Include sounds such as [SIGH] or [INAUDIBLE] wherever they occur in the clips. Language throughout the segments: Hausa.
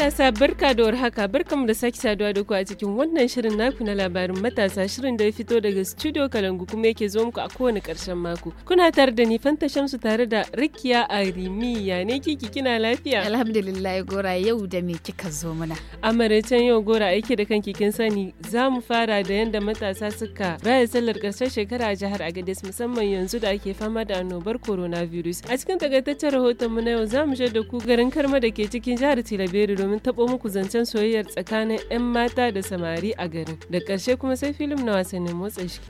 matasa barka da warhaka barkamu da sake saduwa da ku a cikin wannan shirin naku na labarin matasa shirin da ya fito daga studio kalangu kuma yake zo muku a kowane karshen mako kuna tare da ni fanta shamsu tare da rikiya arimi ya ne kiki kina lafiya alhamdulillah gora yau da me kika zo mana amaraicen yau gora aiki da kanki kin sani za mu fara da yadda matasa suka raya sallar karshen shekara a jihar agadez musamman yanzu da ake fama da annobar coronavirus a cikin takaitaccen rahoton mu na yau za mu da ku garin karma da ke cikin jihar tilaberi domin taɓo muku zancen soyayyar tsakanin 'yan mata da samari a garin. Da ƙarshe kuma sai filim na wasannin motsa shi.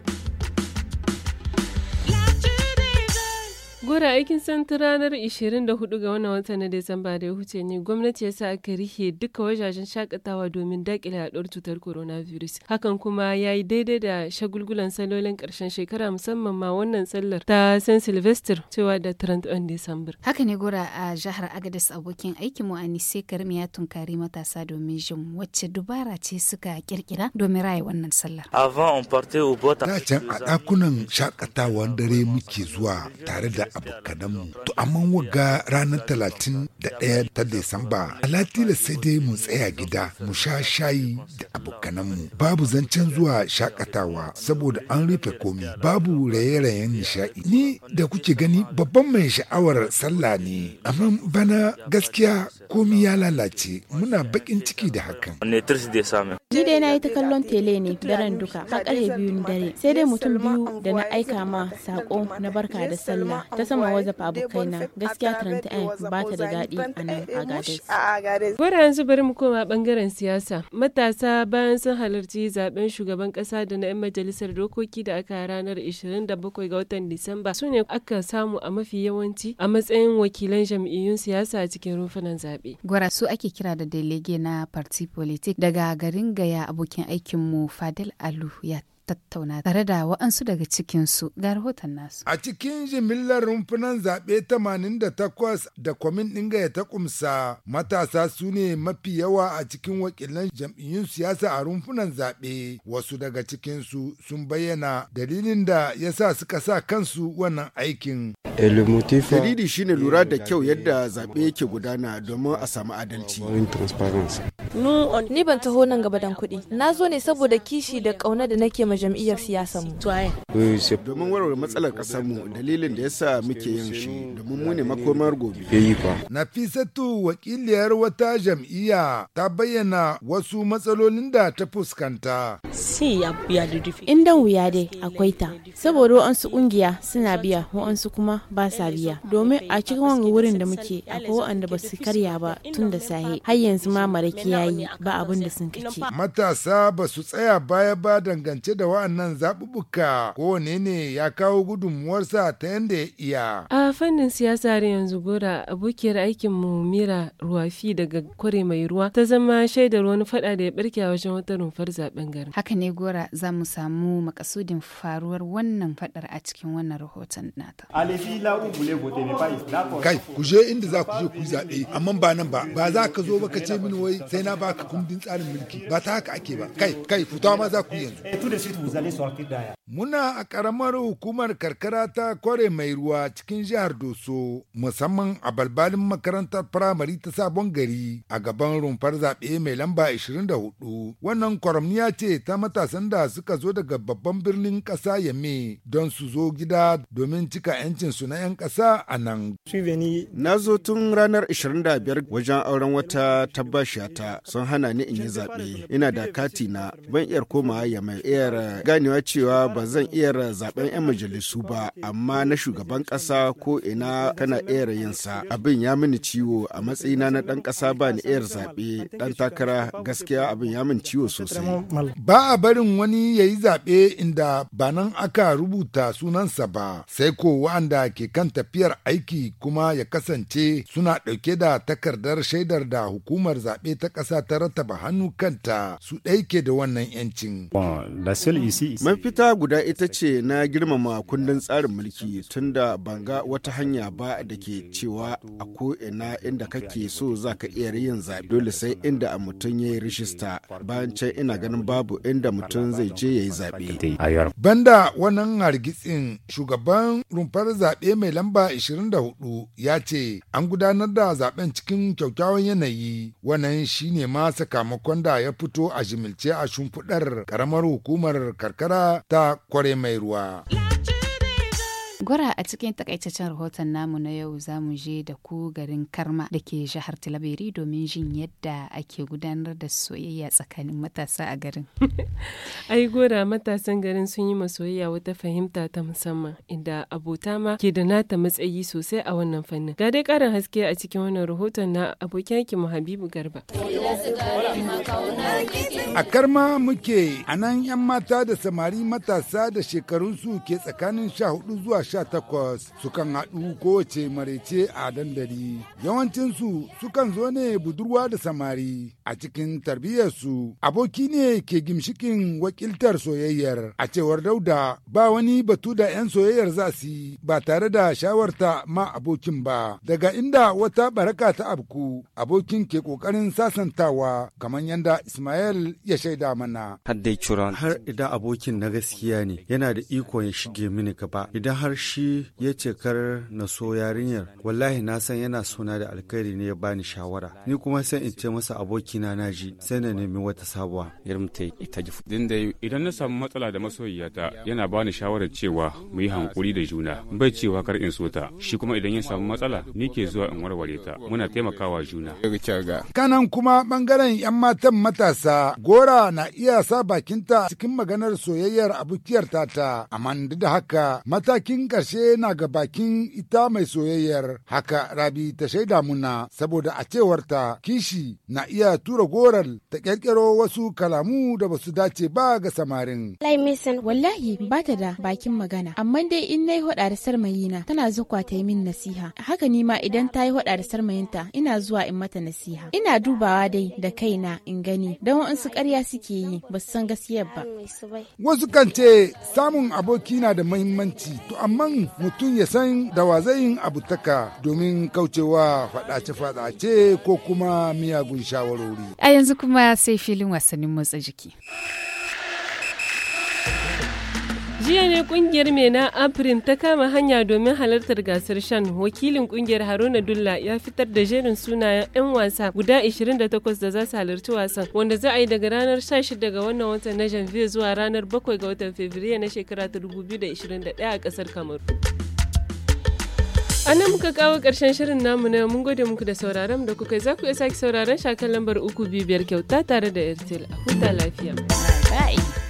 Gora aikin santa ranar 24 ga wannan wata na Disamba da ya huce ne gwamnati ya sa aka rihe duka wajajen shakatawa domin dakile yaduwar cutar coronavirus. Hakan kuma ya yi daidai da shagulgulan salolin ƙarshen shekara musamman ma wannan sallar ta San Sylvester cewa da 31 Disamba. Haka ne Gora a jihar Agadez abokin aikin mu Anise Karmi ya tunkari matasa domin jin wacce dubara ce suka kirkira domin raye wannan sallar. Avant on partait au bota. Da can a ɗakunan shakatawa dare muke zuwa tare da abu kaɗan mu. To amma waga ranar talatin da ɗaya ta Desamba, alatila sai dai mu tsaya gida mu sha shayi da mu Babu zancen zuwa shakatawa saboda an rufe komi. Babu raye-rayen nishaɗi. Ni da kuke gani babban mai sha'awar sallah ne. Amma bana gaskiya komi ya lalace muna bakin ciki da hakan. Ni dai na yi ta kallon tele ne daren duka har karfe biyun dare sai dai mutum biyu da na aika ma sako na barka da sallah ta sama wazaf na gaskiya 31 ba ta da daɗi a nan a Agades. Gwara yanzu bari mu koma bangaren siyasa. Matasa bayan sun halarci zaben shugaban kasa da na 'yan majalisar dokoki da aka ranar 27 ga watan Disamba su ne aka samu a mafi yawanci a matsayin wakilan jam'iyyun siyasa a cikin rufunan zaɓe. zaɓe. Gwara su ake kira da delege na parti politik daga garin gaya abokin aikinmu Fadel Alu ya tattauna tare da wa'ansu daga cikinsu ga rahoton nasu. A cikin jimillar rumfunan zaɓe 88 da kwamin ya ta kumsa matasa su ne mafi yawa a cikin wakilan jam'iyyun siyasa a rumfunan zaɓe wasu daga cikinsu sun bayyana dalilin da ya sa suka sa kansu wannan aikin. Dalili shine lura da kyau yadda zaɓe yake gudana domin a samu adalci. Ni ban taho nan gaba dan kuɗi. Na zo ne saboda kishi da ƙauna da nake ma jam'iyyar siyasar mu. Eh, domin warware matsalar ƙasar mu dalilin da yasa muke yin shi domin mu ne makomar gobe. Nafisatu wakiliyar wata jam'iyya ta bayyana wasu matsalolin da ta fuskanta. In dan wuya dai akwai ta saboda wa'ansu ƙungiya suna biya wa'ansu kuma ba sa biya domin a cikin wanga wurin da muke akwai wa'anda ba su karya ba tun da sahi har yanzu ma marakiya yayi ba abin da sun kace. Matasa ba su tsaya baya ba dangance da wa'annan zaɓuɓɓuka ko ne ne ya kawo gudunmuwarsa ta yadda ya iya. A fannin siyasa har yanzu gora abokiyar aikin mu Mira Ruwafi daga Kware Mai Ruwa ta zama shaidar wani fada da ya barke a wajen wata rumfar zaben garin. Haka ne gora za mu samu makasudin faruwar wannan fadar a cikin wannan rahoton nata. Kai ku je inda za ku je ku zaɓe amma ba nan ba ba za ka zo ba ka ce mini wai sai na na ka kundin tsarin mulki ba ta haka ake ba kai kai fita ma za ku yanzu eh, muna a karamar hukumar karkara ta kware mai ruwa cikin jihar doso musamman a balbalin makarantar firamare ta sabon gari a gaban rumfar zaɓe mai lamba 24 wannan kwaramniya ce ta matasan da suka zo daga babban birnin ƙasa yame don su zo gida domin cika 'yancin su na 'yan ƙasa a nan na zo tun ranar 25 wajen auren wata tabbashiyata sun hana ni in yi zaɓe. Ina da kati na ban iya komawa ya mai iyar ganewa cewa ba zan iya zaɓen 'yan majalisu ba amma na shugaban ƙasa ko ina kana iya yin sa. Abin ya mini ciwo a matsayina na ɗan ƙasa ba ni iya zaɓe ɗan takara gaskiya abin ya mini ciwo sosai. Ba a barin wani ya yi zaɓe inda ba nan aka rubuta sunansa ba sai ko wa'anda ke kan tafiyar aiki kuma ya kasance suna ɗauke da takardar shaidar da hukumar zaɓe ta ƙasa sa ta rattaba hannu kanta su ɗaike da wannan 'yancin. Mafita guda ita ce na girmama kundin tsarin mulki tunda ban ga wata hanya ba da ke cewa a ko'ina inda kake so za ka iya yin zaɓe dole sai inda a mutum ya yi rishista bayan can ina ganin babu inda mutum zai je ya yi zaɓe. Banda wannan hargitsin shugaban rumfar zaɓe mai lamba 24 ya ce an gudanar da zaɓen cikin kyakkyawan yanayi wannan shine ne ma sakamakon da ya fito a jimilce a shimfiɗar karamar hukumar karkara ta kware mai ruwa. Gwara a cikin takaitaccen rahoton namu na yau za mu je da ku garin Karma da ke jihar Talabiri domin jin yadda ake gudanar da soyayya tsakanin matasa a garin. [LAUGHS] Ai gora matasan garin sun yi masoyayya wata fahimta ta musamman inda abota ma ke da nata matsayi sosai a wannan fannin. Ga dai karin haske a cikin wannan rahoton na abokin mu Habibu Garba. A Karma muke a nan 'yan mata da samari matasa da shekarunsu ke tsakanin sha hudu zuwa sha takwas sukan haɗu kowace marece a dandali. Yawancinsu sukan zo ne budurwa da samari a cikin tarbiyyarsu. Aboki ne ke gimshikin wakiltar soyayyar a cewar dauda ba wani batu da 'yan soyayyar za su ba tare da shawarta ma abokin ba. Daga inda wata baraka ta abku abokin ke kokarin sasantawa kamar yadda Ismail ya shaida mana. Har idan abokin na gaskiya ne yana da iko ya shige mini gaba idan har shi ya ce kar na so yarinyar wallahi na san yana suna da alkhairi ne ya bani shawara ni kuma sai in ce masa abokina na ji sai na nemi wata sabuwa idan na samu matsala da masoyiyata yana bani shawarar cewa mu yi hankuri da juna bai cewa kar in so ta shi kuma idan ya samu matsala ni ke zuwa in warware ta muna taimakawa juna kanan kuma bangaren yan matan matasa gora na iya sa bakinta cikin maganar soyayyar abokiyar tata amma da haka matakin ƙarshe na ga bakin ita mai soyayyar haka rabi ta shaida muna saboda a cewarta kishi na iya tura goral ta ƙirƙiro wasu kalamu da basu dace ba ga samarin. Wallahi ba ta da bakin magana amma dai in na yi hoda da sarmayina tana zukwa ta yi min nasiha haka ni ma idan ta yi hoda da sarmayinta ina zuwa in mata nasiha ina dubawa dai da kaina in gani don wa'ansu ƙarya suke yi ba su san gaskiyar ba. Wasu kan ce samun aboki na da muhimmanci to amma man mutum ya san da wa zai yin abu domin kaucewa faɗace-faɗace ko kuma miyagun shawarori. A yanzu kuma sai filin wasannin motsa jiki. jiya ne kungiyar mena afirin ta kama hanya domin halartar gasar shan wakilin kungiyar haruna dulla ya fitar da jerin sunayen 'yan wasa guda 28 da za su halarci wasan wanda za a yi daga ranar 16 daga wannan watan na janvier zuwa ranar 7 ga watan fabrairu na shekara ta 2021 a kasar kamaru A nan muka kawo ƙarshen shirin namu na mun gode muku da sauraron da kuka za ku iya sake sauraron shakan lambar uku biyar kyauta tare da Airtel a huta lafiya. Bye.